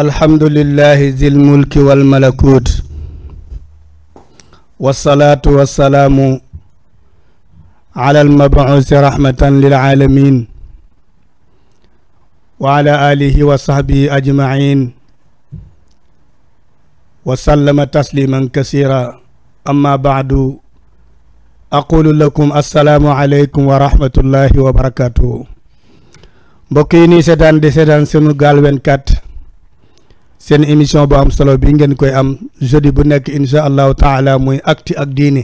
alhamdulillahi zil mulki wal malakut wasalaatu wasalaamu ala almabuusi rahmatan lil alamin wa ala alihi wa sahbihi ajmain wa sallama tasliman kasira amma baadu aqulu lakum assalaamu aleykum wa rahmatullahi wa barakatuhu mbokk yi nii seetaan di seetaan Sunugal 24 seen émission bu am solo bi ngeen koy am jeudi bu nekk incha allahu taala muy acti ak diini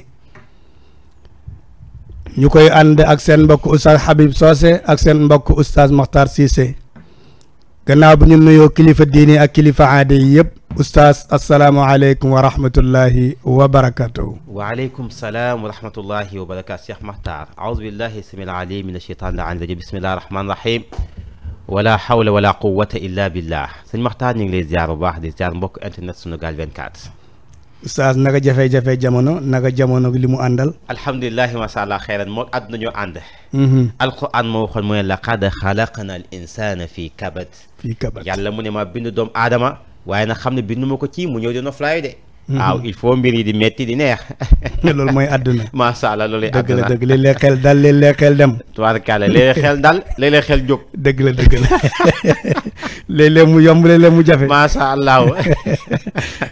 ñu koy ànd ak seen mbokk oustaz Habib Socé ak seen mbokk oustaz Makhtar Cissé gannaaw bu ñu nuyoo kilifa diini ak kilifa aada yi yëpp oustaz asalaamualeykum wa rahmatullahi wa barakatuhu waaleykum salaam wa rahmatullahi wa barakatu cheikh Makhtar aouzu billahi samil wala hawla wala quwwata illa billah sëñ Maxtaar ñu ngi lay ziar bu baax di ziar mbokk internet Sunugal 24. oustaz naka jafe-jafe jamono naka jamono li mu àndal. alhamdulilah macha allah xeeran moo àdduna ñoo ànd. Mhm. alquran moo waxoon mu ne laqad xalaqna al insana fii kabat. fii kabat yàlla mu ne ma bind doomu aadama waaye nag xam ne bindu ma ko ci mu ñëw dina fly de. Mm-hmm. waaw il faut mbir yi di metti di neex. loolu mooy àdduna. macha allah loolu àdduna dëgg la dëgg léeg-léeg xel dal léeg-léeg xel dem. tubaarkàlla léeg-léeg xel dal léeg-léeg xel jóg. dëgg la dëgg la léeg-léeg mu yomb léeg-léeg mu jafe.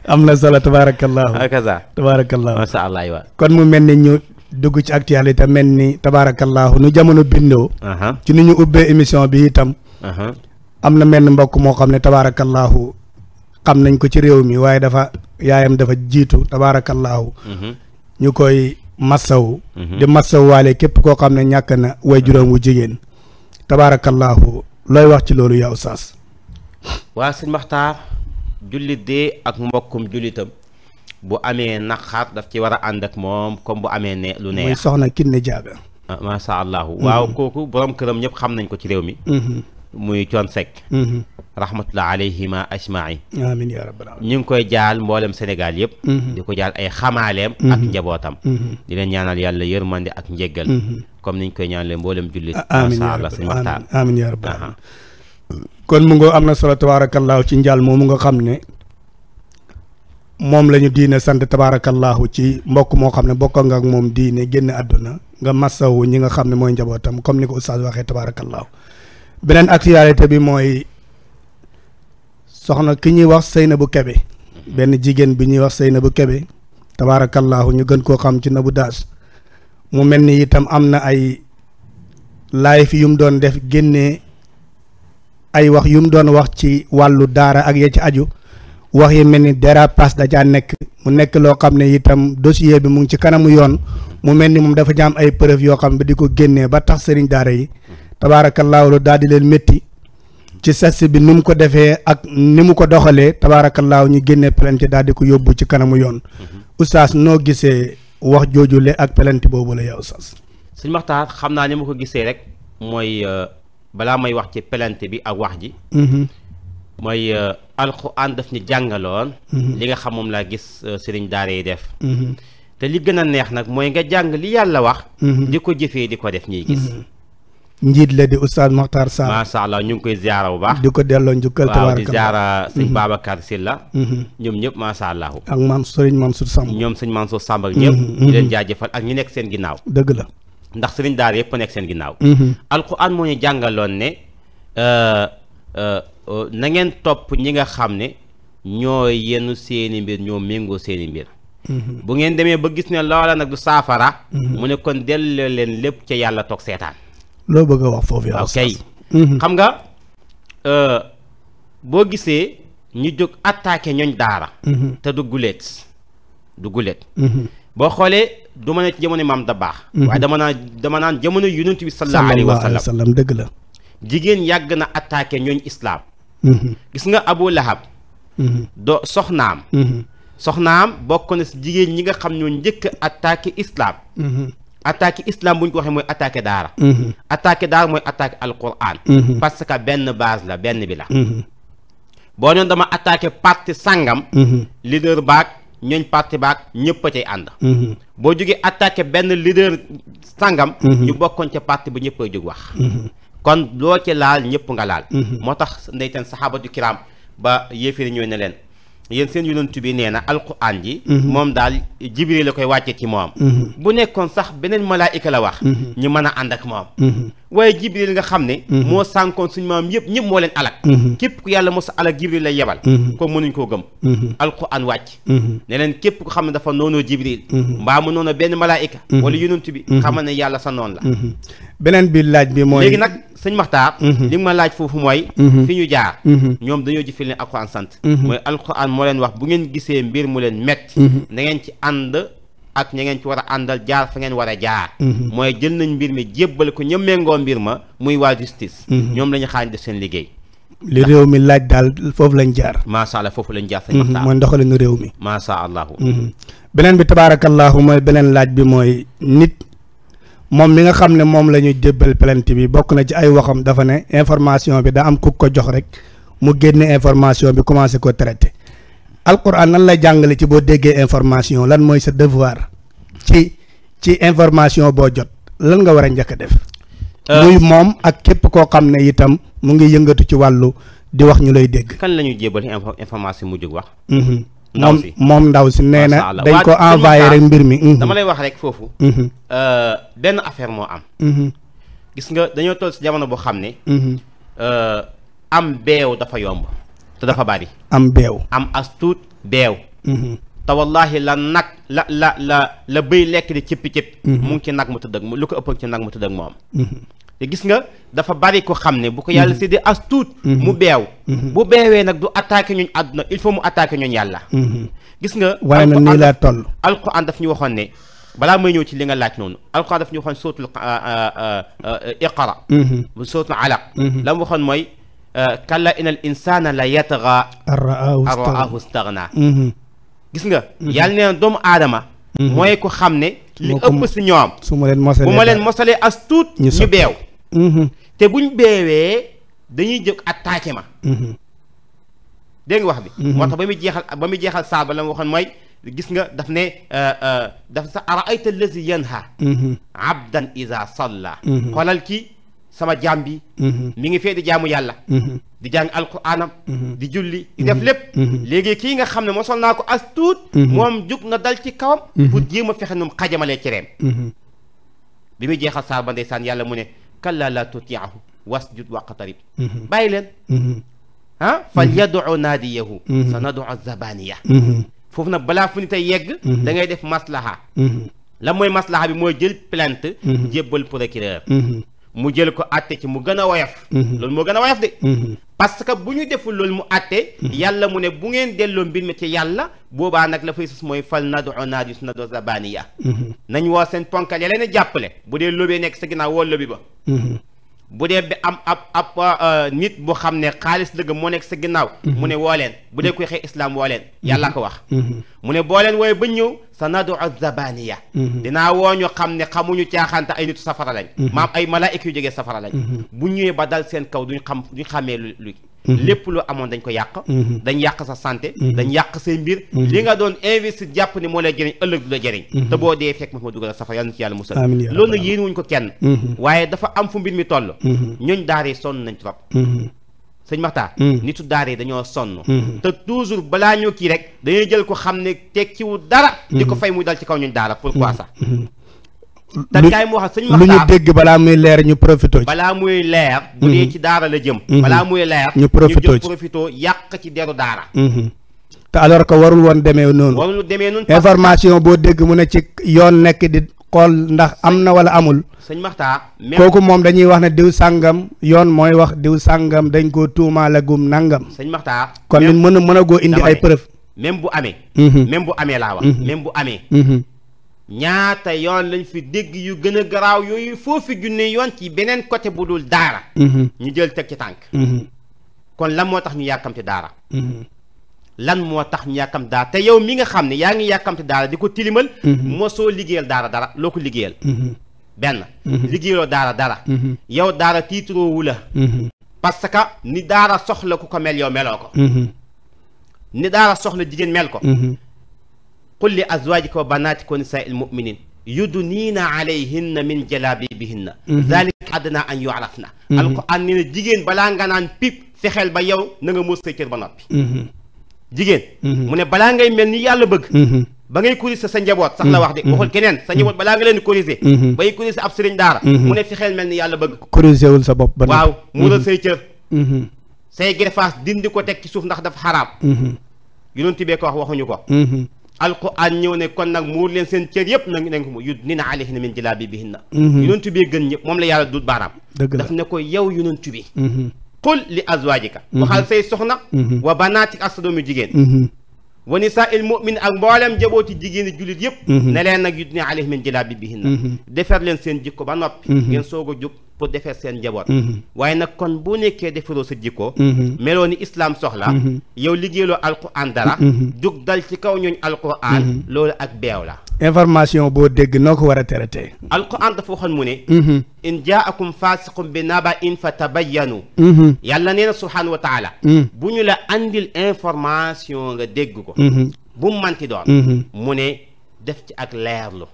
am na solo tabaarakallaahu. akaza tabaarakallaahu. macha wa kon mu mel ni ñu dugg ci actualité mel ni tabaarakallaahu nu jamono bindoo. ci ni ñu ubbee émission bi itam. am na mel ni mbokk moo xam ne tabaarakallaahu xam nañ ko ci réew mi waaye dafa. yaayam dafa jiitu tabaarakallaahu mm-hmm. ñu koy massaw mm-hmm. di massaw waale képp koo xam ne ñàkk na way juróom wu jigéen tabaarakallaahu looy wax ci loolu yow saas waa sëñ Maxtaar jullit de ak mbokkum jullitam bu amee naqar daf ci war a ànd ak moom comme bu amee ne lu neex muy soxna Kiné Diaga ah, macha allah waaw mm-hmm. kooku borom këram ñëpp xam nañ ko ci réew mi muy coon sekk mm-hmm. rahmatullah alayhima ajmain amiin yaa rabbal aalamiin ñu ngi koy jaal mbooleem senegal yëpp mm-hmm. di ko jaal ay xamaaleem mm-hmm. ak njabootam di leen ñaanal yàlla yërmande ak njéggal comme niñ koy ñaanalee mbooleem jullit macha allah suñu waxtaan amiin kon mu nga am na solo tabaarakallaahu ci njaal moomu nga xam ne moom la ñu diine sant tabaarakallaahu ci mbokk moo xam ne bokka nga ak moom diine génn àdduna nga massawu ñi nga xam ne mooy njabootam comme ni ko oustaz waxee tabaarakallaahu beneen actualité bi mooy soxna ki ñuy wax na bu kebe benn jigéen bi ñuy wax na Seynabou Kébé tabaarakallaahu ñu gën koo xam ci Nabou Dash mu mel ni itam am na ay lay fi yum doon def génnee ay wax yu mu doon wax ci wàllu daara ak ya ci aju wax yi mel ni dérapage da caa nekk mu nekk loo xam ne itam dossier bi mu ngi ci kanamu yoon mu mel ni moom dafa jaam ay preuve yoo xam ne di ko génnee ba tax sëriñ daara yi tabaarakallaahu lu daal di leen métti ci sas bi nu mu ko defee ak ni mu ko doxalee tabaarakallaahu ñu génnee pelante daal di ko yóbbu ci kanamu yoon mhm. oustaz noo gisee wax jooju le ak pelante boobu la yow oustaz suñ maxtaar xam naa ni ma ko gisee rek mooy euh, balaa may wax ci pelante bi ak wax ji mhm. mooy euh, alxuraan daf ñu jàngaloon mhm. li nga xam moom laa gis euh, sëriñ daara yi def te li gën a neex nag mooy nga jàng li yàlla wax di ko jëfee di ko def ñuy gis njiit la di oustaz Mokhtar Sarr macha allah ñu ngi koy ziara bu baax di ko delloo njukkal waaw di ziara sëñ mhm. Babacar Sylla mhm. ñoom ñëpp macha allah ak maam sëriñ Mansour Samb ñoom sëñ Mansour Samb ak ñëpp ñu mhm, leen jaajëfal ak ñu nekk seen ginnaaw dëgg la ndax sëriñ daara yëpp nekk seen ginnaaw alquran moo ñu jàngaloon ne euh, euh, euh, na ngeen topp ñi nga xam ne ñoo yenn seeni mbir ñoo méngoo seeni mbir bu ngeen demee ba gis ne loola nag du saafara mu ne kon delloo leen lépp ca yàlla toog seetaan loo bëgg a wax foofu yow. ok mhm. xam nga euh, boo gisee ñu jóg attaqué ñooñ daara. Mhm. te du guleet du guleet. Mhm. boo xoolee du jamono maam da baax. waaye dama naan dama naan jamono yonent bi sallallahu alayhi dëgg la. jigéen yàgg na attaqué ñooñ islaam. gis nga Abu Lahab. do soxnaam. soxnaam bokk na si jigéen ñi nga xam ñoo njëkk attaqué islaam. attaqué islam bu ñu ko waxee mooy attaqué daara mhm. attaqué daara mooy attaqué alquran mhm. parce que benn base la benn bi la mhm. boo noonu dama attaqué parti sàngam leader baag ñooñ parti baag ñëpp a ànd boo jógee attaqué benn leader sàngam ñu bokkoon ca parti ba ñëpp a jóg wax kon loo ci laal ñëpp nga laal moo tax ndeyteen saxaabatu kiraam ba yéefiri ñëw ne leen yéen seen yonent bi nee na alquran ji mhm. moom daal jibril la koy wàcce ci moom mhm. bu nekkoon sax beneen malaayika la wax mhm. ñu mën a ànd ak moom waaye jibril nga xam ne moo sànkoon suñu maam yëpp ñëpp moo leen alak képp ku yàlla mos a alak jibril lay yebal ko mënuñ koo gëm alquran wàcc ne leen képp ku xam ne dafa noonoo jibril mbaa mu noonoo benn malaayika wala yonent bi xamal ne yàlla sa noon la beneen bi laaj bi mooy léegi nag sëñ Maxtaar mhm. li ma laaj foofu mooy mhm. fi ñu jaar mhm. ñoom dañoo jëfee leen alxuraan sant mooy alxuraan moo leen wax bu ngeen gisee mbir mu leen metti na ngeen ci ànd ak ña ngeen ci war a àndal jaar fa ngeen war a jaar mooy jël nañ mbir mi jébbal ko ña méngoo mbir ma muy waa justice ñoom la ñu def seen liggéey li réew mi laaj daal foofu lañ jaar macha allah foofu lañ jaar sëñ Maxtaar réew mi macha allah beneen bi tabaarakallahu mooy beneen laaj bi mooy nit moom mi nga xam ne moom la ñuy jébbal plainte bi bokk na ci ay waxam dafa ne information bi da am ku ko jox rek mu génne information bi commencé ko traité alquran nan la jàngale ci boo déggee information lan mooy sa devoir ci ci information boo jot lan nga war a njëkk a def. Euh, muy moom ak képp koo xam ne itam mu ngi yëngatu ci wàllu di wax ñu lay dégg. kan la ñuy jébbal information mu jóg wax. Mhm. ndaw si moom ndaw si nee na dañ ko envoyé rek mbir mi. Mhm. dama lay wax rek foofu. Mhm. Euh, benn affaire moo am. Mhm. gis nga dañoo toll si jamono boo xam ne. Euh, am beew dafa yomb te dafa bari. am beew am as tuut beew. te wallaahi la nag la la la la bëy lekk di cëppi cëppi. mu ngi ci nag mu tëdd ak lu ko ëpp ci nag mu tëdd ak moom. te gis nga dafa bari ko xam ne bu ko yàlla mhm. séddee as tuut mhm. mu beew mhm. bu beewee nag du attaqué ñooñ àdduna il faut mu attaqué ñooñ yàlla gis nga waaye nag nii laa toll alquran daf ñu waxoon ne balaa may ñëw ci li nga laaj noonu alquran daf ñu waxoon sootul ah, ah, ah, eh, iqra sootul alaq la mu waxoon mooy eh, kalla inal insana la yatgha an raahu staghna gis nga yàlla nee na doomu aadama Mhm. mooy ku xam ne li ëpp si ñoom su ma leen mosalee bu ma leen mosalee as tuut ñu beew mhm. te buñ beewee dañuy jóg attaqué ma mhm. dégg nga wax bi moo ba muy jeexal ba muy jeexal saaba la ma waxoon mooy gis nga daf ne euh, euh, daf sa araayta allazi yanha abdan iza salla xoolal ki sama jaam bi mhm. mi ngi fee di jaamu yàlla mhm. di jàng alquraanam mhm. di julli di def lépp léegi kii nga xam ne mosol naa ko as tuut moom jug na dal ci kawam pour jéem a fexe num xajamalee cereem bi muy jeexal saar ba ndeysaan yàlla mu ne kalla la tutiahu wasjud waqtarib bàyyi leen ah fal yadu naadiyahu sa nadu zabaniya foofu nag balaa fu ni tey yegg da ngay def maslaha la mooy maslaha bi mooy jël plant jébbal procureur mu jël ko àtte ci mu gën a woyof mhm. loolu moo gën a woyof de mhm. parce que bu ñu defu loolu mu àtte mhm. yàlla mu ne bu ngeen delloo mbir mi ci yàlla boobaa nag la fay sus mooy fal nadu naadis nado zabaniya nañ woo seen ponkal ya leen jàppale bu dee lobee nekk sa ginnaaw woo lobi ba bu dee bi am ab ab uh, uh, nit bu xam ne xaalis dëgg moo nekk sa ginnaaw. Mm-hmm. mu ne woo leen bu dee kuy xëy islam woo leen. Mm-hmm. yàlla ko wax. Mm-hmm. mu ne boo leen wooyee ba ñëw sa nadu zabaniya dinaa woo ñu xam ne xamuñu caaxante ay nitu safara lañ. maam ay malaayik yu jógee safara lañ. bu ñëwee ba dal seen kaw duñ xam duñ xamee lu luy. Mm-hmm. lépp lu amoon dañ ko yàq mm-hmm. dañ yàq sa santé mm-hmm. dañ yàq say mbir li nga doon investir jàpp ni moo lay jëriñ ëllëg du la jëriñ te boo dee fekk ma ma dugal safara yàlla na ci yàlla musal loolu nag yéen wuñ ko kenn waaye dafa am fu mbir mi toll ñooñ daaree sonn nañ trop sëñ Maxtaar nitu daara yi dañoo sonn te toujours balaa ñoo kii rek dañuy jël ko xam ne tekkiwu dara di ko fay muy dal ci kaw ñun daara pourquoi sax te kaay mu wax sëñ Maxtaar lu ñu dégg balaa muy leer ñu profito ci balaa muy leer ci mm-hmm. daara jëm mm-hmm. balaa muy leer ñu profito ci profito yàq ci deru daara mm-hmm. te alors ko warul woon demee noonu warul demee noonu information boo dégg mu ne ci yoon nekk di xool ndax am na wala amul sëñ Maxtaar kooku moom dañuy wax ne diw sàngam yoon mooy wax diw sàngam dañ ko tuumaale gum nangam sëñ Maxtaar kon nit mën a mën a goo indi ay preuve même bu amee même bu amee laa wax même bu amee ñaata yoon lañ fi dégg yu gën a garaaw yooyu foofu junne yoon ci beneen côté bu dul daara mhm. ñu jël teg ci tànk mhm. kon lan moo tax ñu yàkkamte daara mhm. lan moo tax ñu yàkkamte daara te yow mi nga xam ne yaa ngi yàkkamte daara di ko tilimal mosoo liggéeyal daara dara loo ko liggéeyal benn liggéeyaloo daara dara yow daara tiitroowu la parce que ni daara soxla ku ko mel yow meloo ko ni daara soxla jigéen mel ko qul li azwajika wa banatika wa nisaai lmuminin yudniina alayhinna min jalabibihinna dalika adna an yuarafna alquran nee na jigéen balaa nga naan pip fexeel ba yaw na nga muus say cër ba noppi jigéen mu ne balaa ngay mel ni yàlla bëgg ba ngay corriger sa njaboot sax la wax de waxul keneen sa njaboot balaa nga leen corriger ba ngay corriger ab sëriñ daara mu ne fexeel mel ni yàlla bëgg corriger wul sa bopp ba waaw muural say cër say greffaas dindi ko teg ci suuf ndax dafa xaraam yonent bee ko alquran ñëw ne kon nag muur leen seen cër yëpp nag nañ ko mu yudnina alayhinna min jalaabibihinna mhm. yonent bi gën ñëpp moom la yàlla du baaraam daf ne ko yow yonent bi mhm. qul li azwaajika mhm. waxal say soxna wa banaatik ak sa doomu jigéen wa nisaa il mu'min ak mboolem jabooti jigéeni jullit yëpp mhm. ne leen nag yu dine alayhi min jilaabi bihinna mhm. defar leen seen jikko ba noppi mhm. ngeen soog a jóg pour defar seen njaboot waaye nag kon boo nekkee defaroo sa jikko meloo ni islaam soxla yow liggéeyloo alquran dara jóg dal ci kaw ñooñ alquran loolu ak beew la information boo dégg noo ko war a traité. alquran dafa waxoon mu ne. Mhm. in jaakum faasiqun bi naba in fa tabayyanu. Mhm. yàlla nee na subhaanahu mhm. bu ñu la andil information nga dégg ko. bu mu doon. mu ne def ci ak leerlu.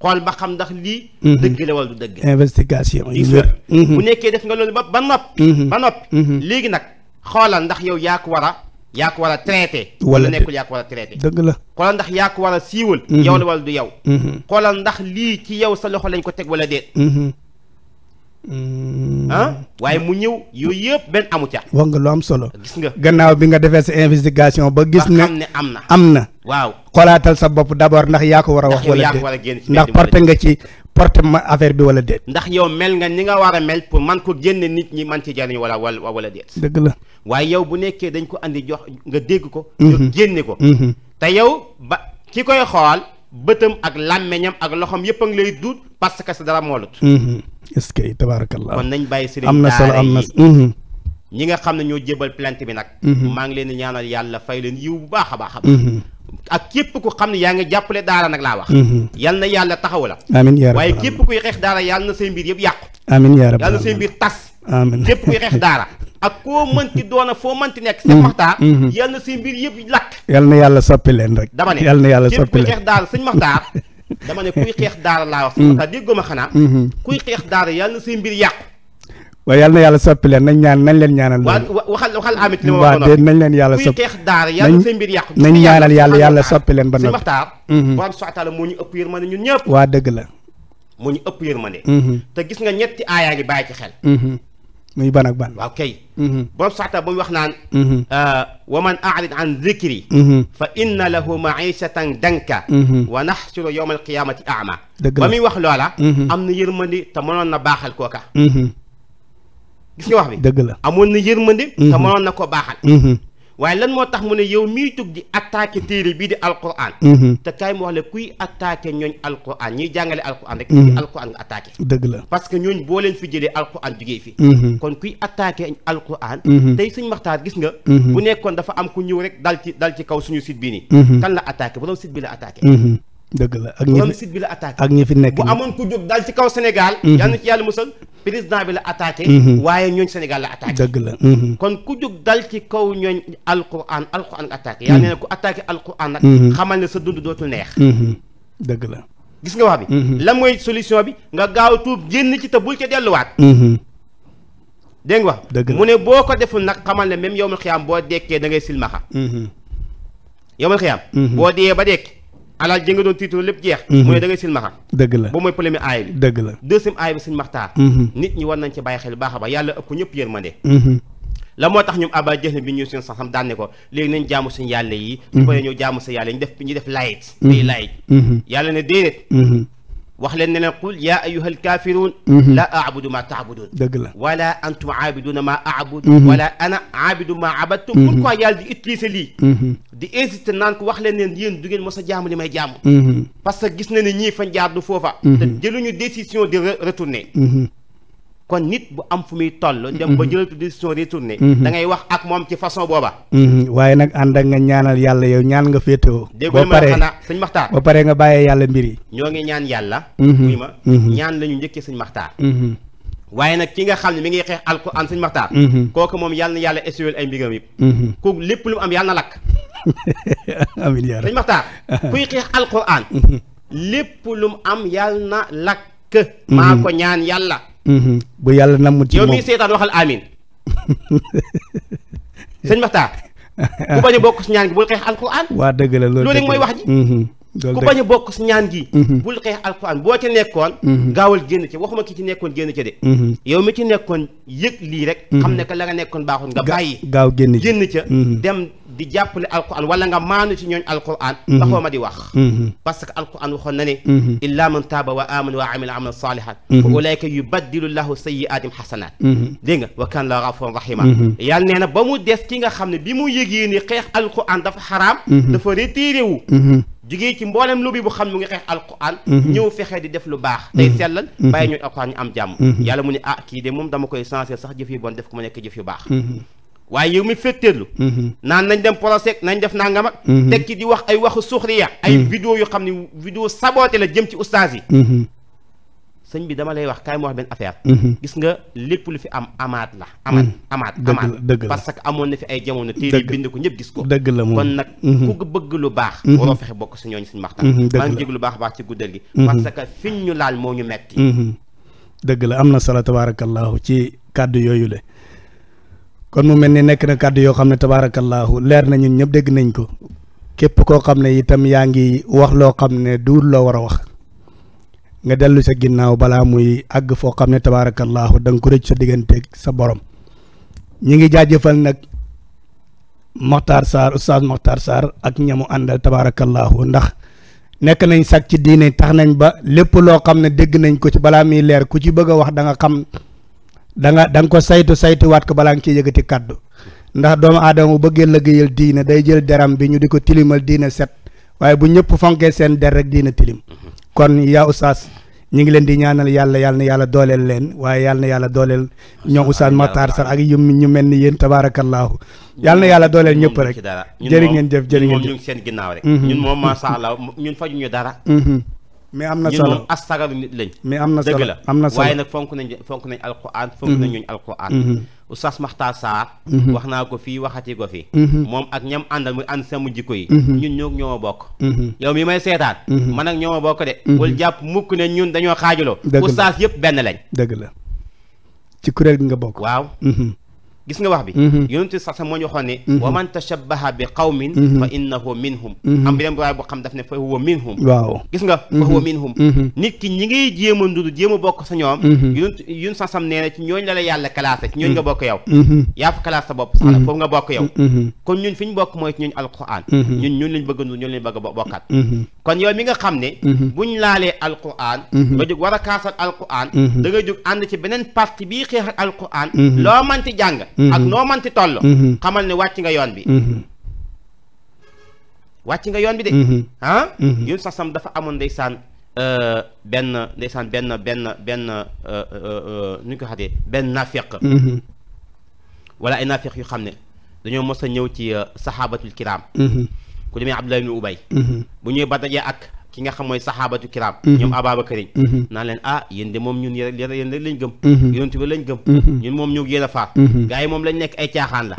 xool ba xam ndax lii. dëgg la wala du dëgg. investigation yi wér. nekkee def nga loolu ba noppi. ba noppi. léegi nag xoolal ndax yow yaa ko traité. wala nekkul yaa ko traité. dëgg la xoolal ndax yaa ko siiwal. Mhm. yow la wala du yow. Mhm. xoolal ndax lii ci yow sa loxo lañ ko teg wala déet. Mhm. Ah? waaye mu ñëw yooyu yëpp benn amu ca. wax nga lu solo. gis nga gannaaw bi nga defee sa investigation ba. gis nga ne am na am na. waaw xoolaatal sa bopp d'abord ndax yaa ko war a. wax wala déet ndax porte nga ci. porté ma affaire bi wala déet. ndax yow mel nga ni nga war a mel pour man ko génne nit ñi man ci jariñ wala wala wala déet. dëgg la waaye yow bu nekkee dañ ko andi jox nga dégg ko. Mhm. ñu génne ko. Mhm. te yow ba ki koy xool bëtam ak làmmeñam ak loxom yëpp a ngi lay duut parce que sa dara moolut. Mhm. est-ce que tabaarakallah kon nañ bàyyi sëriñ am na solo am na ñi nga xam ne ñoo jébal plant bi nag. maa ngi leen di ñaanal yàlla fay leen yiw bu baax a baax. ak képp ku xam ne yaa ngi jàppale daara nag laa wax mhm. yal na yàlla taxaw la amiin yaa rabbi waaye képp kuy xeex daara yal na say mbir yëpp yàqu amiin yaa rabbi yal na say tas amiin xeex daara ak koo mënti doona foo mënti nekk sëñ mhm. Maxtaar mhm. yal na say mbir yëpp lakk yal na yàlla soppi leen rek dama ne yal na yàlla soppi leen képp kuy xeex daara sëñ Maxtaar dama ne kuy xeex daara laa wax sëñ ma xanaa kuy xeex daara yal na say yàqu waaye yal na yàlla soppi leen nañ ñaan nañ leen ñaanal waxal waxal amit li ma wax waaw nañ leen yàlla soppi teex daara yàlla seen mbir yàqu nañ ñaanal yàlla yàlla soppi leen ba noppi waxtaar mhm. borom soxtaala moo ñu ëpp yërmande ñun ñëpp waa dëgg la ñu ëpp yërmande mhm. te gis nga ñetti aayaa ngi bàyyi ci xel mhm. muy ban ak ban waaw kay borom naan euh, wa man a'rid an dhikri fa inna lahu ma'ishatan danka wa nahshuru yawma al qiyamati a'ma ba muy wax loola am na yërmande te mënoon na baaxal gis nga wax bi dëgg la amoon na yërmande te mhm. mënoon na ko baaxal mhm. waaye lan moo tax mu ne yow miy tug di attaqué téere bii di alquran mhm. te kaay mu wax le kuy attaqué ñooñ alquran ñiy jàngale alquran rek ñi alquran nga attaqué dëgg la parce que ñooñ boo leen fi jëlee alquran jugee fi kon kuy attaqué nga bu nekkoon dafa am ku ñëw rek dal ci dal ci kaw suñu site bi nii kan la attaqué borom site bi la attaqué dëgg la ak ñi fi site bi la attaqué bu amoon ku jóg dal ci kaw Sénégal yal na ci yàlla musal président bi la attaqué. Mhm. waaye ñooñ Sénégal la attaqué. dëgg la. Mhm. kon ku jóg dal ci kaw ñooñ alquran alquran nga attaqué. yaa nee na ku attaqué alquran nag. Mhm. xamal ne sa dund dootu neex. dëgg la. gis nga wax bi. lan mooy solution bi nga gaaw tuub génn ci te bul ca delluwaat. wax dëgg wax mu ne boo ko deful nag xamal ne même yow ma xiyaam boo dekkee da ngay silmaxa. yow ma xiyaam. boo dee ba dekk. alaaj ji nga doon tiitoo lépp jeex mhm. mu ne da ngay silmaxa dëgg la boobu mooy premier aaya bi dëgg la deuxième aaya bi suñ mhm. nit ñi war nañ ci bàyyi xel baax a baax yàlla ëpp ñëpp yërmande mhm. la moo tax ñoom aba jeex bi ñu seen saxam daanne ko léegi nañ jaamu suñ yàlla yi su ko ñëw jaamu sa yàlla yi ñu def ñu def layit day layit yàlla ne déedéet wax leen ne leen qul yaa ayyuhal a mhm. laa a'budu maa ta'buduun dëgg la wala antum aabiduuna maa a'bud mhm. wala ana aabidu maa abadtum mhm. pourquoi yàlla di utiliser lii di insister naan ko wax leen ne yéen du ngeen a jaamu li may jaamu parce que gis na ni ñii fañ jaar du foofa te jëluñu décision de retourner kon nit bu am fu muy toll. dem ba mhm. jëlatu décision retourné. Mhm. da ngay wax ak moom ci façon booba. Mhm. waaye nag ànd ak nga ñaanal yàlla yow ñaan nga féetewoo. ba pare sëñ maxtaar ba pare nga bàyyee yàlla mbir yi. ñoo ngi ñaan yàlla. muy ma ñaan la ñu njëkkee sëñ maxtaar. waaye nag ki nga xam ne mi ngi xeex alquran sëñ maxtaar. kooku moom yàlla na yàlla essuyer ay mbigam yëpp. ku lépp lu mu am yàlla na lakk. amiin yaa rabbi sëñ maxtaar kuy xeex alquran. lépp na lakk. maa ko ñaan yàlla. Mm-hmm. bu yàlla namm ci moom yow mii seetaan waxal amin sëñ Maxtaar ku bañ a bokk si ñaan gi bul xeex alquran waa dëgg la loolu rek mooy wax ji mm-hmm. ku bañ a bokk si ñaan gi mm-hmm. bul xeex alquran boo ca nekkoon gaawal génn ca waxuma ki ci nekkoon génn ca de yow mi ci nekkoon yëg lii rek xam ne que la nekkoon baaxul nga bàyyi gaaw génn génn ca dem di jàppale alquran wala nga maanu ci ñooñ alquran mhm. taxoo ma di wax mhm. parce que alquran waxoon na ne mhm. illa man taaba wa amana wa amila amalan salihan fa ulaika yubaddilu llahu sayyiatim xasanat dégg nga wa kan la gafuran rahima yàlla nee ba mu des ki nga xam ne bi mu yëgee ni xeex alquran dafa xaraam dafa retiré wu jugee ci mboolem lu bi bu xam mu ngi xeex alquran ñëw fexe di def lu baax day sellal bàyyi ñooñ alquran ñu am jàmm yàlla mu ne ah kii de moom dama koy sensé sax jëf yu bon def ko mu nekk waaye yow mi féeteerlu mm-hmm. naan nañ dem procès nañ def nangam ak mm-hmm. teg ci di wax ay waxu ya ay mm-hmm. vidéo yu xam ne vidéo saboté la jëm ci ustaas yi sëñ bi dama lay wax kaay ma wax benn affaire gis nga lépp lu fi am amaat la amaat amaat amaat parce que amoon na fi ay jamono téere yi bind ko ñëpp gis ko dëgg la moom kon nag ku bëgg lu baax waroo fexe bokk si ñooñu suñu waxtaan maa ngi jég lu baax baax ci guddal gi parce que fi ñu laal moo ñu metti dëgg la am na solo tabaarakallaahu ci kàddu yooyu le kon mu mel ni nekk na kàddu yoo xam ne tabaarakallaahu leer na ñun ñëpp dégg nañ ko képp koo xam ne itam yaa ngi wax loo xam ne duur loo war a wax nga dellu sa ginnaaw balaa muy àgg foo xam ne tabaarakallaahu da nga ko rëcc sa digganteeg sa borom ñi ngi jaajëfal nag Makhtar Sarr Oustaz Makhtar Sarr ak ñamu àndal tabaarakallaahu ndax nekk nañ sag ci diine tax nañ ba lépp loo xam ne dégg nañ ko ci balaa mii leer ku ci bëgg a wax da xam da nga da nga ko saytu saytuwaat ko balaa nga ciy yëkkati kàddu ndax doomu aadama bu bëggee lëggéeyal diine day jël deram bi ñu di ko tilimal diine set waaye bu ñëpp fonkee seen der rek diine tilim kon yaa oustaz ñu ngi leen di ñaanal yàlla yàlla na yàlla dooleel leen waaye yàlla yàlla dooleel ñoom Oustaz Makhtar Sarr ak yum ñu mel ni yéen tabaarakallaahu yàlla na yàlla dooleel ñëpp rek jëri ngeen ngeen jëf ñu ngi seen ginnaaw rek mhm. mais am na solo ñun moom as sagaru nit lañ. mais am na solo dëgg la am na solo waaye nag fonk nañ fonk nañ alquran. fonk nañ mm-hmm. ñooñu alquran. Mm-hmm. Oustaz Makhtar saa mm-hmm. wax naa ko fii waxati ko fi. moom ak ñam àndal muy ànd sama jikko yi. ñun ñoo ñoo bokk. yow mi may seetaan. man ak ñoo ma bokk de. wala jàpp mukk ne ñun dañoo xaajaloo. dëgg la yëpp benn lañ. dëgg la ci kuréel gi nga bokk. waaw. gis nga wax bi mhm. yonent bi sax moo ñu waxoon ne mhm. wa man tashabbaha bi qawmin mhm. fa innahu minhum am beneen waaye boo xam daf ne fa huwa minhum waaw gis nga fa huwa minhum nit ki ñi ngay jéem a nduru jéem a bokk sa ñoom yonent yun sasam nee na ci ñooñu la la yàlla classé ci ñooñu nga bokk yow yaa fa classé sa bopp sax foofu nga bokk yow kon ñun fi ñu bokk mooy ci ñooñu alquran ñun ñun lañ bëgg a ndur ñun lañ bëgg a kon yow mi nga xam ne buñ laalee alquran nga jóg war a nga Mm-hmm. ak noo manti toll mm-hmm. xamal ne wàcc nga yoon bi mm-hmm. wàcc nga yoon bi de ah yun sam dafa amoon ndeysaan euh, benn ndeysaan benn benn benn euh, euh, nu ñu ko xatee benn naafeq wala ay naafeq yu xam ne dañoo mos a ñëw ci saxaabatul kiraam ku demee Abdullah ibn Ubay bu ñuy ba dajee ak ki nga xam mooy saxaabatu kiraam mhm. ñoom ababakariñ mhm. naan leen ah yéen moom ñun yéen yéen gëm mhm. yonent bi lañ gëm ñun moom ñu yéen a faar gars yi moom lañ nekk ay caaxaan la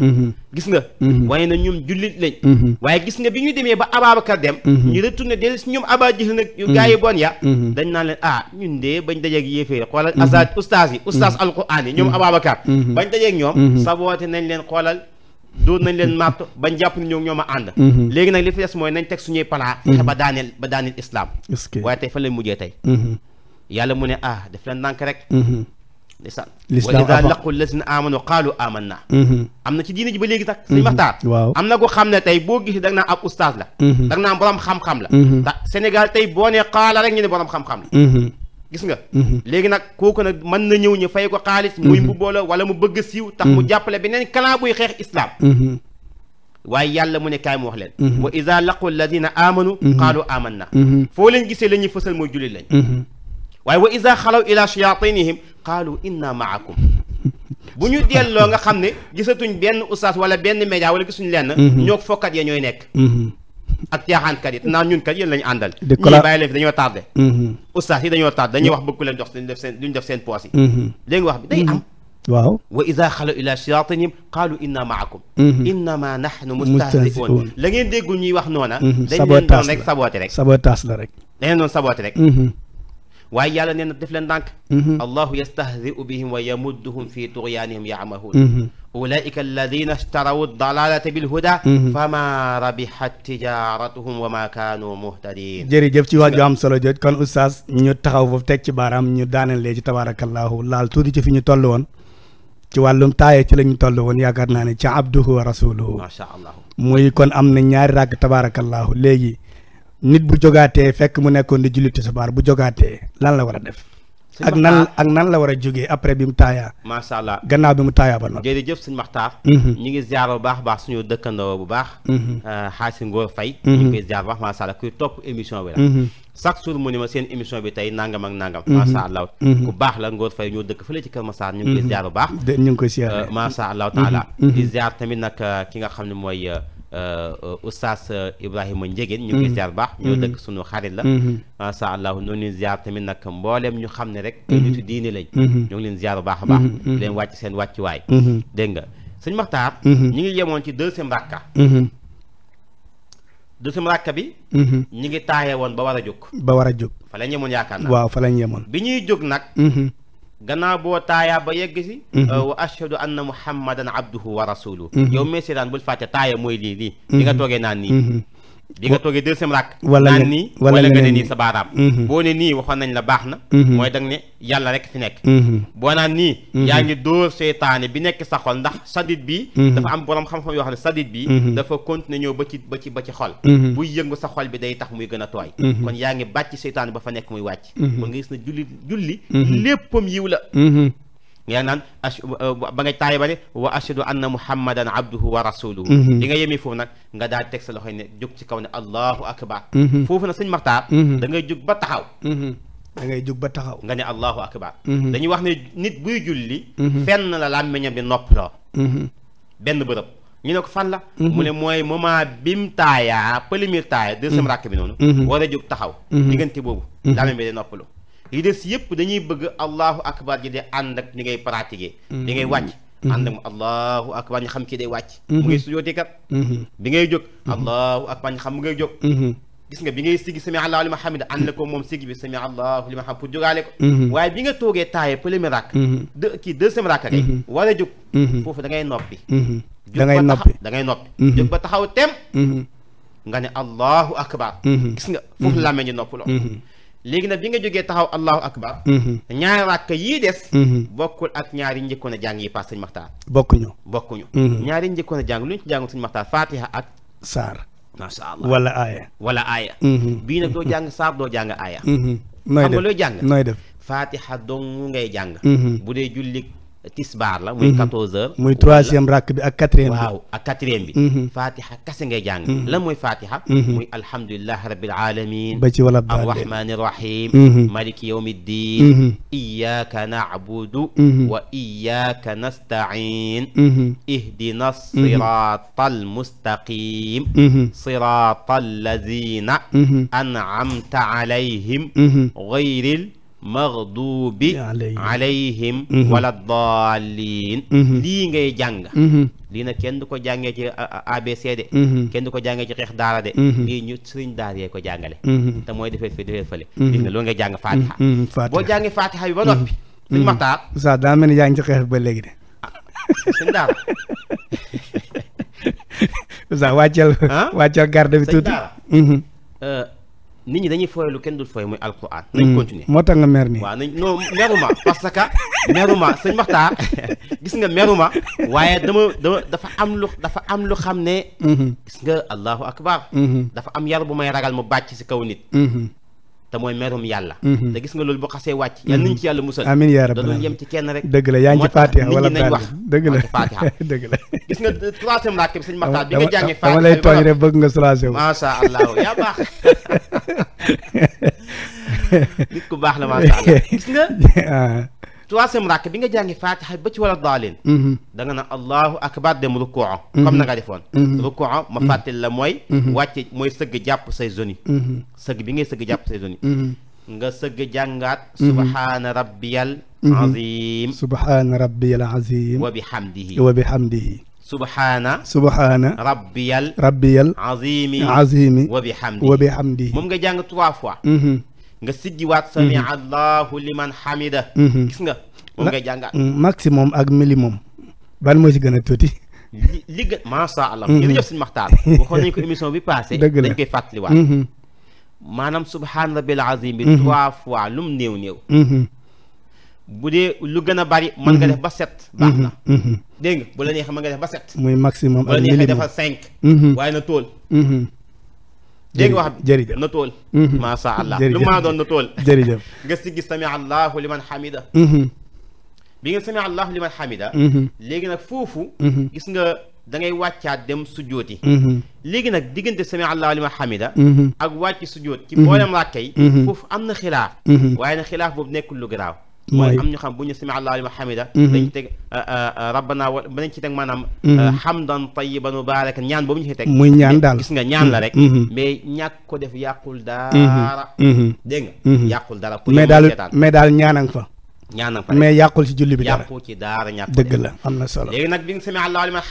gis nga waaye na ñun jullit lañ waaye gis nga bi ñu demee ba ababakar dem ñu retourné dellu si ñoom aba jël bon ya dañ naan leen ah ñun de bañ dajeeg yéeféer xoolal asaat ustaas yi ustaas alquran yi ñoom ababakar bañ dajeeg ñoom saboote nañ leen xoolal doon nañ leen marto bañ jàpp ni ñoom ñoo ma ànd mhm. léegi nag li fi des mooy nañ teg suñuy palaa mhm. fexe ba daaneel ba daaneel islam waaye tey fan mu mujjee tey mhm. yàlla mu ne ah def leen ndànk rek ndeysaan wa ida laqu lazina amanu qaalu amanna am na ci diine ji ba léegi sax suñu waxtaan waaw am na ko xam ne tey boo gis dag nga naan ab oustaz la da nga naan borom xam-xam la Sénégal tey boo nee qaala rek ñu ne borom xam-xam la gis nga mhm. léegi nag kooku nag mën na ñëw ñu fay ko xaalis muy mu mhm. la wala mu bëgg a siiw tax mu mhm. jàppale beneen kalan buy xeex islaam waaye yàlla mu ne kaay mu wax leen wa iza laqu alladina amanu qaalu amanna foo leen gisee la ñuy fësal mooy jullit waaye wa iza xalaw ila shayatinihim qaalu inna maakum bu ñu loo nga xam ne gisatuñ benn ustaas wala benn média wala gisuñ lenn ñoo fokkat ya ñooy nekk ak caaxaankat yi naan ñun kat yéen lañu àndal ñii bàyyi leen fi dañoo tardé mm-hmm. ustaas yi dañoo tardé dañuy wax bëgg leen jox duñ def seen duñ def mm-hmm. wax bi day am mm-hmm. waaw wa ida xalu ila shayatinihim qaalu inna maakum innama nahnu mustahzi'un la ngeen déggul ñuy wax noona dañ leen doon rek saboote rek sabotage rek dañ rek waaye yàlla nee na def leen ndànk allahu yastahzi'u bihim wa yamudduhum fi tughyanihim ya'mahun mm-hmm. ulaika alladina ishtaraw dalalata bilhuda mm-hmm. fama rabihat tijaratuhum wa ma kanu muhtadin jërëjëf ci waaju am solo joj kon oustaz ñu taxaw foofu teg ci baaraam ñu daaneel lee ci tabarakallahu laal tuuti ci fi ñu toll woon ci wàllum taaye ci la ñu toll woon yaakaar naa ne ci abduhu wa rasuluhu macha allah muy kon am na ñaari ràkk tabarakallahu léegi nit bu jogaatee fekk mu nekkoon di julli tisbaar bu jogaatee lan la war a def. ak nan ak nan la war a jógee après bi mu taayaa. macha allah gannaaw bi mu taaya ba noonu. jërëjëf suñu maxtaar. Mhm. ñu ngi ziar bu baax a baax suñu bu baax. Mhm. Euh, xaasi ngóor fay. Mhm. ñu ngi koy ziar bu baax macha kuy topp émission bi la. chaque jour mu ma seen émission bi tey nangam ak nangam. macha allah ku baax la ngóor fay ñoo dëkk fële ci Kër Massar. ñu ngi koy ziar bu euh, baax. ñu ngi koy ziar macha allah taala. di ziar tamit nag euh, ki nga xam ne mooy. Euh, euh, oustaz euh, Ibrahima Njegéen ñu ngi mm-hmm. ziar baax ñoo mm-hmm. dëkk suñu xarit la masha mm-hmm. ah, allah noonu leen ziar tamit nag mbooleem ñu xam ne rek nitu diine lañ ñoo ngi leen ziar baax a baax leen wàcc seen wàccuwaay dégg nga sëñ Maxtaar ñu ngi yemoon ci deuxième rakka deuxième rakka bi ñu ngi taaxee woon ba war a jóg ba war a jóg fa lañ yemoon yaakaar naa waaw fa lañ yemoon bi ñuy jóg nag gannaaw boo taayaa ba yegg si mhm. euh, wa ashhadu anna muhammadan abduhu wa rasuluhu mhm. yow mee seetaan bul fàtte taaya mooy lii lii mhm. li nga toogee naan nii bi nga toogee deuxième rakk wala naan nii wala nga ne nii sa baaraam mm-hmm. boo ne nii waxoon nañ la baax na mm-hmm. mooy danga ne yàlla rek fi nekk mm-hmm. boo naan nii yaa ngi dóor seytaane bi nekk sa xol ndax sadit bi dafa am borom xam-xam yoo xam ne sadit bi dafa continuer ñëw ba ci ba ci ba ci xol buy yëngu sa xol bi day tax muy gën a tooy kon yaa ngi bàcc seytaane ba fa nekk muy wàcc kon nga gis na julli julli léppam yiw la yaa naan as ba nga taay bale wa ashhadu anna muhammadan abduhu wa rasuluhu li mm-hmm. nga yemee foofu nag nga daal teg la loxoy ne jóg ci kaw ne allahu akbar mm-hmm. foofu nag sëñ Maxtaar mm-hmm. da ngay jóg ba taxaw da ngay jóg ba taxaw nga ne allahu akbar dañuy wax ne nit buy julli fenn la làmmiñam bi noppaloo benn bërëb ñu ne ko fan la mu ne mooy moment bim taayaa premier taaya deuxième rakk bi noonu war a jóg taxaw diggante boobu làmmiñ bi day noppalu li des yëpp dañuy bëgg allahu akbar ji de ànd ak li ngay pratiquer. li mm-hmm. ngay wàcc. Mm-hmm. ànd ak allahu akbar ñu xam kii day wàcc. mu mm-hmm. ngay sujooti kat. bi ngay jóg allahu akbar ñu xam mu gis nga bi ngay sigi sami allahu liman hamida ànd na ko moom sigi bi sami allahu liman hamida pour jógaale ko. waaye bi nga toogee taaye premier rakk. de kii deuxième rakk rek. war a jóg. foofu da ngay noppi. da ngay noppi da ngay noppi. jóg ba taxaw tem. nga ne allahu akbar. gis nga foofu làmmeñ ñu noppaloo. léegi nag bi nga jógee taxaw allahu akbar mhm. ñaari ràkk yii des mhm. bokkul ak ñaari njëkkoon na jàng yi paas sëñ maxtaar bokkuñu bokkuñu mhm. ñaari njëkkoon a jàng lu ñu ci jàng sëñ maxtaar fatiha ak saar macha allah wala aaya wala aaya bii nag doo jàng saar doo jàng aaya xam nga looy def fatiha dong ngay jàng bu dee julli tisbaar la muy mhm. quatorze heures muy troisième rakk bi ak quatrième bi waaw ak quatrième bi mhm. fatiha kase ngay jàng mhm. lan mooy fatiha muy alhamdulilahi rabbil alamin ba ci wala arrahmani rahim maliki yawmi ddin iyaka nabudu wa iyaka nastain ihdina sirata almustaqim sirata allazina an'amta alayhim gayril maghdubi alayhim mhm. wala daalliin mhm. lii ngay jàng mhm. lii na kenn du ko jàngee ci abc de kenn du ko jàngee ci xeex daara de lii ñu sëriñ daar yee ko jàngale te mooy defee fi defee fële gis nga loolu ngay jàng fatiha boo jàngee fatiha bi ba noppi suñ maxtaar sa daa mel ni yaa ci xeex ba léegi de ah, sëñ daara sa wàccal ah? wàccal garde bi tuuti nit ñi dañuy fooy lu kenn dul fooy muy alquran. Mm. nañ continuer moo tax nga mer nii. waaw nañ non meruma parce que meruma sëñ Maxtaar gis nga meruma waaye dama dama dafa am lu dafa am lu xam ne. Mm-hmm. gis nga allahu akbar. Mm-hmm. dafa am yar bu may ragal mu bàcc si kaw nit. Mm-hmm. te mooy merum yàlla mhm. te gis nga loolu bu xasee wàcc yàlla nañ mhm. ci yàlla musal amiin yaa rabbi doon yem ci kenn rek dëgg la yaa ngi dëgg la fatiha dëgg la gis nga troisième laajte bi sëñ Maxtaar bi nga jàngee fatiha dama lay tooñ bëgg nga troisième macha allah yaa baax nit baax la macha allah gis nga ah. troisième rakk bi nga jàngi faatiha ba ci wala daalin mhm. da nga na allahu akbar dem rukkoo mhm. comme na nga defoon mhm. rukkoo ma fàttil la mooy wàcce mooy sëgg jàpp say zone yi sëgg bi ngay sëgg jàpp say zone nga sëgg jàngaat subhaana rabbiyal azim subhaana rabbiyal azim wa bihamdihi wa bihamdihi subhaana subhaana rabbiyal rabbiyal azimi azimi wa bihamdihi wa bihamdihi nga sijjiwaat mhm. sami allahu liman hamida mhm. gis nga moom ngay jàngaat mm, maximum ak minimum ban moo ci gën a tuuti li li gën macha allah mhm. jërëjëf suñu maxtaar waxoon nañu ko émission bi passé dañ koy fàttaliwaat maanaam subhaan rabbil azim bi trois fois lu mu néew néew bu dee lu gën a bari man nga def ba sept baax na dégg nga bu la neexee mën nga def ba muy maximum bu la neexee defal waaye na tóol dégg wax jërëjëf na tool maasa mhm. allah lu maa doon na tool jërëjëf nga siggi sami allahu liman hamida mhm. bi nga li allahu liman hamida mhm. léegi nag foofu gis nga da ngay wàccaat dem sujjooti léegi nag diggante sami allahu liman hamida ak wàcc sujjoot ci mboolem ràkke yi am na xilaaf waaye nag xilaaf boobu nekkul lu mooy am ñu xam bu ñu sami Allahu liman hamida dañ mhm. teg rabbana wa dañ ci teg euh, euh, euh, maanaam mhm. hamdan tayyiban mubarakan ñaan boobu ñu ci teg muy ñaan daal gis nga ñaan la mhm. rek mais ñàkk ko def yàqul dara dégg nga yàqul dara pour mais daal mais daal ñaanang fa ñaanang fa mais yàqul ci julli bi dara yàqu ci daara ñàkk dëgg la am na solo léegi nag bi nga sami Allahu liman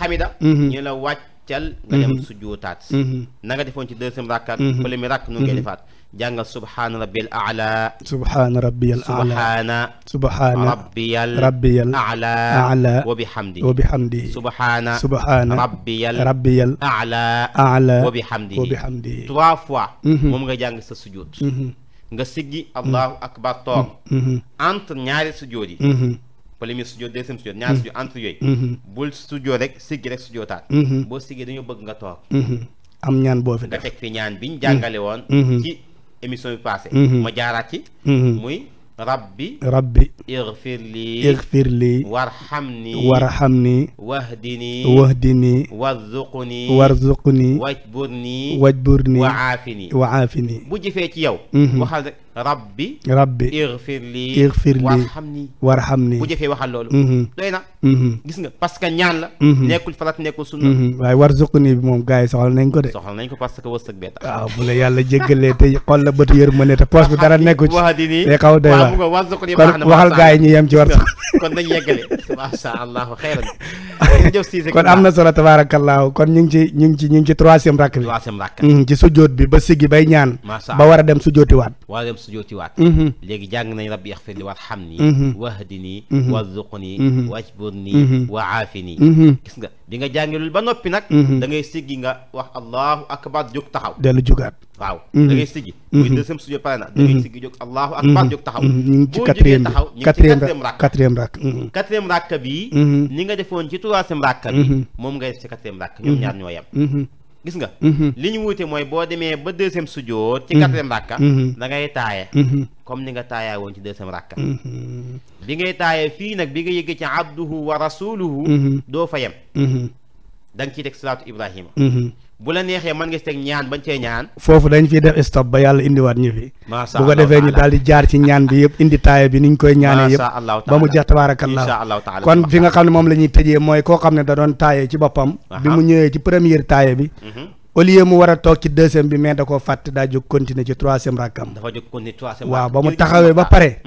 ñu la wàcc teel nga dem mhm. sujjootaat mhm. na nga defoon ci deuxième rakka premier mhm. rakk nu ngay defaat jàngal subhaana rabbiyal a'la subhaana rabbiyal a'la subhaana subhaana rabbiyal rabbiyal a'la a'la wa bihamdi wa bihamdi subhaana subhaana rabbiyal rabbiyal a'la a'la wa bihamdi wa bihamdi trois fois moom nga jàng sa sujjoot nga siggi allahu akbar toog entre ñaari sujjoot premier studio deuxième studio ñaar hmm. studio entre yooyu hmm. Hmm. bul studio rek siggi rek studio taat boo siggee dañoo bëgg nga toog am ñaan boo fi nga teg fi ñaan biñ jàngale woon ci émission bi passé ma jaaraat ci muy rabbi rabbi igfir lii igfir lii warhamni warhamni wahdini wahdini warzuqni warzuqni wajburni wajburni wacaafini wacaafini bu jëfee ci yow mhm. waxal rek rabbi rabbi igfir lii igfir lii warhamni warhamni bu jëfee waxal loolu mhm. doy na mhm. gis nga parce que ñaan la nekkul farat nekkul sunna waaye warzuqni bi moom gars yi soxla nañ ko de soxla nañ ko parce que wërsëg bee tax waaw ah, bu la yàlla jéggalee te xol la bëtu yërmande te poos bi dara nekku ci wahdini xaw doy xam nga warzuq ni baax na waxal gaa yi ñu yem ci warzuq kon nañ yeggale masha allahu xeyran jëf Cissé kon am na solo tabaarakallaahu kon ñu ngi ci ñu ngi ci ñu ngi ci troisième rakk bi troisième rakk mm, ci sujjóot bi ba siggi bay ñaan ba war a dem sujjóoti waat war a dem sujjóoti waat mm-hmm. léegi jàng nañ rabbi yaxfir li warhamni mm-hmm. wahdini mm-hmm. warzuqni wajburni wa aafini gis nga bi nga jàngi lul ba noppi nag da ngay siggi nga wax allahu akbar jóg taxaw dellu jugaat waaw mhm. da ngay siggi muy mhm. deuxième sujud pare na da ngay mhm. siggi jóg allahu akbar jóg taxaw ñu ngi ci quatrième taxaw ñu bi ni nga defoon ci troisième rakk bi moom ngay def ci quatrième rakk ñoom ñaar ñoo yem gis nga li ñu wuute mooy boo demee ba deuxième sujjoot ci quatrième rakka da ngay taaye comme ni nga taayaa woon ci deuxième rakka bi ngay taaye fii nag bi nga yëggee ci abduhu wa rasuluhu doo fa yem da nga ciy teg salaatu ibrahima bu la neexee mën nga si teg ñaan bañ cee ñaan. foofu dañ fi def stop ba yàlla indiwaat ñu fi. macha defee ñu daal jaar ci ñaan bi yëpp indi taaya bi niñ koy. ñaanee yëpp ba mu jeex tabaarakallah kon fi nga xam ne moom la tëjee mooy koo xam ne da doon taaya ci boppam. bi mu ñëwee ci première taaya bi. Mhm. au lieu mu war a toog ci deuxième bi mais da koo daa jóg continuer ci troisième rakkam. waaw ba mu taxawee ba pare.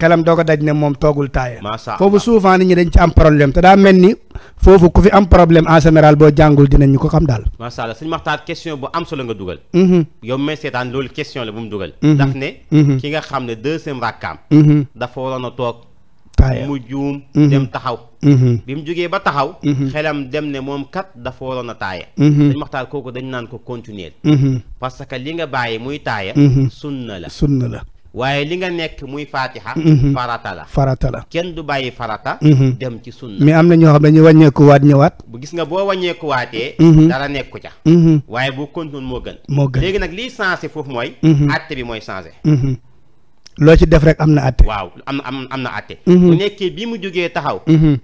xelam mhm. doo daj ne moom toogul taaya. foofu souvent ñi dañ ci problème te daa mel foofu ku fi am problème en général boo jàngul dinañ ñu ko xam daal. macha allah sëñ Maxtaar question bu am solo nga dugal. Mm-hmm. yow may seetaan loolu question la bu mu dugal. Mm-hmm. daf ne. Mm-hmm. ki nga xam ne deuxième rakkaam. dafa waroon a toog. mu juum dem taxaw. bi mu jógee ba taxaw. xelam dem ne moom kat dafa waroon a taaya. sëñ Maxtaar kooku dañ naan ko continuer. parce que li nga bàyyi muy taaya. sunna la sunna la. waaye li nga nekk muy faatiha mhm. farata la farata la kenn du bàyyi farata mhm. dem ci sunna mais am na ñoo xam ne ñu wàññeekuwaat ñëwaat bu gis nga boo wàññeekuwaatee mhm. dara nekku ca waaye boo kontoon moo gën moo gën léegi nag liy changé foofu mooy atte bi mooy changé loo ci def rek am na àtte waaw am na am na àtte bu nekkee bi mu jógee taxaw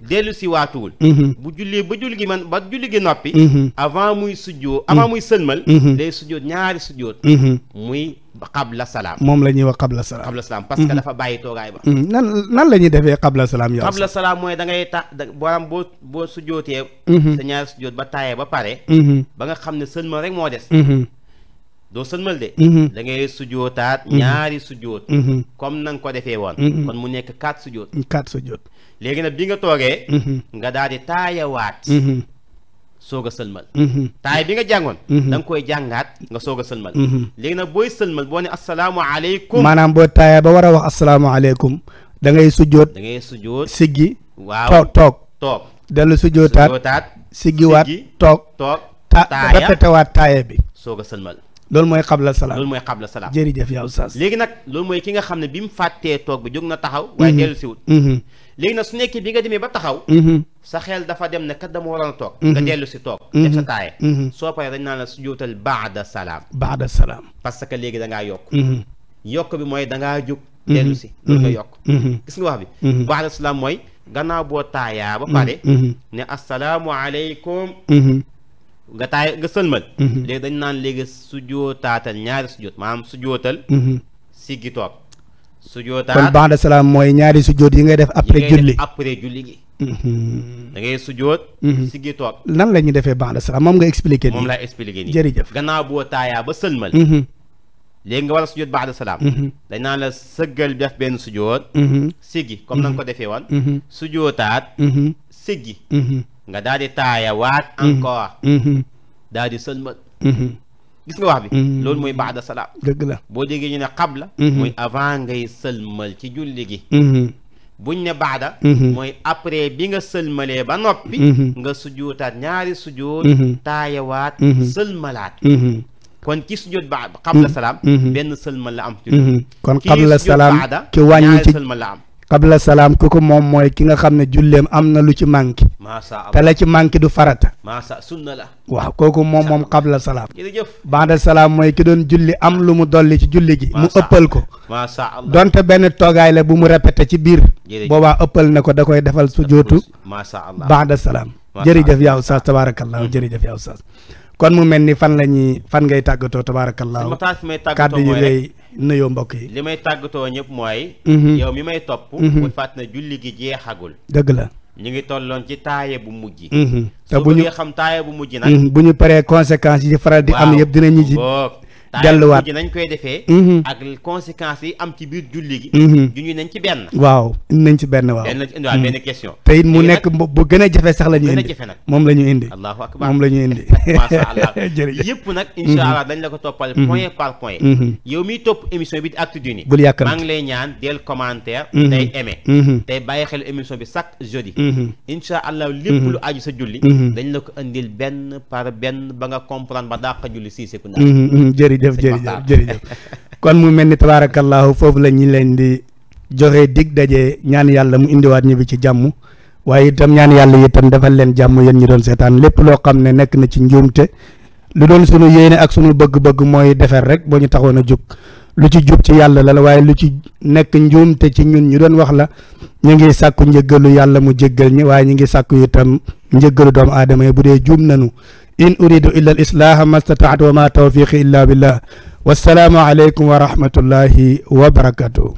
dellu si waatuwul bu jullee ba julli gi man ba julli gi noppi avant muy sujjoo avant muy sëlmal day sujjoot ñaari sujjoot qabla salaam. moom la ñuy wax qabla salaam. qabla salaam parce que mm-hmm. dafa bàyyi toogaay ba. Mm-hmm. nan nan la ñuy defee qabla salaam. yow qabla salaam mooy da ngay ta boram boo boo sujootee. Mm-hmm. sa ñaari sujoot ba taayee ba pare. ba nga xam ne sëlmal rek moo des. doo sëlmal de. da ngay sujootaat ñaari sujoot. comme na nga ko defee woon. kon mu nekk quatre sujoot. quatre sujoot. léegi nag bi nga toogee. nga daal di taayawaat. soog a sëlmal mhm. taay bi nga jàngoon mhm. da nga koy jàngaat nga soog a sëlmal mhm. léegi nag booy sëlmal boo ne asalaamaaleykum maanaam boo taaya ba war a wax asalaamaaleykum da ngay sujjoot da ngay sujjoot siggi waaw toog toog toog dellu sujjootaat siggiwaat toog toog ta répété waat taaya bi soog a sëlmal loolu mooy xabla salaam loolu mooy xabla salaam jërëjëf yaa oustaz léegi nag loolu mooy ki nga xam ne bi mu fàttee toog bi jóg na taxaw waaye dellu siwut léegi nag su nekkee bi nga demee ba taxaw sa xel dafa dem ne kat dama a toog. Mhm. nga dellu si toog. Mhm. def sa taaye. Mhm. soo paree dañ naan la sujjóotal baada salaam. baada salaam. parce que léegi da ngaa yokk. bi mooy da ngaa jóg. dellu si loolu nga yokk. gis nga wax bi. baada salaam mooy gannaaw boo taayaa ba pare. ne asalaamualeykum. nga taay nga sëlmal. léegi dañ naan léegi sujjóotaatal ñaari sujjóot maanaam sujjóotal. siggi toog. sujootaat kon ba'da salaam mooy ñaari sujoot yi nga def après julli après julli gi. Mhm. da ngay sujoot. Mhm. siggi nan la ñuy defee ba'da salaam moom nga expliqué nii moom laa expliqué nii jërëjëf. boo taaya ba sëlmal. Mhm. léegi nga war a sujoot ba'da salaam. dañ naan la sëggal def benn sujoot. siggi comme na ko defee woon. sujootaat. siggi. nga daal di taayawaat encore. daal di sëlmal. gis nga wax bi mm. loolu mooy baada salaam dëgg la boo déggee ñu ne qabla mm-hmm. mooy avant ngay sëlmal ci julli gi mm-hmm. buñ ne baada mm-hmm. mooy après bi nga sëlmalee ba noppi nga sujootaat ñaari sujoot taayawaat sëlmalaat kon ci sujjoot ba qabla salaam benn sëlmal la am kon qabla salaam ci wàññi ci la am qabla salaam kooku moom mooy ki nga xam ne julleem am na lu ci manqué te la ci manqué du farata sunna la waaw kooku moom moom xabla salaam baada salaam mooy ki doon julli am lu mu dolli ci julli gi mu ëppal ko donte benn toogaay la bu mu répété ci biir boobaa ëppal na ko da koy defal sujootu baada salaam jërëjëf yaw saas jëri jërëjëf yaw saas kon mu mel ni fan la ñuy fan ngay tàggatoo tabaarakallaahu kàddu yi ngay nuyoo mbokk yi li may tàggatoo ñëpp mooy mhm. yow mi may topp mhm. bul julli gi jeexagul dëgg la ñu ngi tolloon ci taaye bu mujj. Mhm. te bu ñu xam taaye bu mujj nag. Mhm. bu ñu paree conséquences yi faral di am yëpp dinañu ci. delluwaat nañ koy defee mhm. ak conséquences yi am ci biir julli gi mhm. juñu nañ ci benn waaw nañ ci benn waaw benn mhm. question te it mu nekk bu gën a jafe sax la ñu indi moom la ñu indi allahu yëpp nag insha allah dañ la ko toppal point par point yow miy topp émission bi di Actu Duni bul yàkkam maa ngi lay ñaan del commentaire tey aimé tey bàyyi xel émission bi chaque jeudi insha allah lépp lu aju sa julli dañ la ko indil benn par benn ba nga comprendre ba dàq julli sii jërëjëf jërëjëf jërëjëf kon mu mel ni tabaarakallaahu foofu la ñu leen di joxe dig daje ñaan yàlla mu indiwaat ñu bi ci jàmm waaye itam ñaan yàlla itam defal leen jàmm yéen ñu doon seetaan lépp loo xam ne nekk na ci njuumte lu doon sunu yéene ak sunu bëgg-bëgg mooy defar rek boo ñu taxoon a jug lu ci jub ci yàlla la la waaye lu ci nekk njuumte ci ñun ñu doon wax la ñu ngi sàkku njëggalu yàlla mu jéggal ñi waaye ñu ngi sàkku itam njëggalu doomu aadama yi bu dee juum nanu in uridu illa al islaha ma stataatu wa ma tawfiqi illa billah wassalaamu aleykum wa rahmatullahi wa barakatuh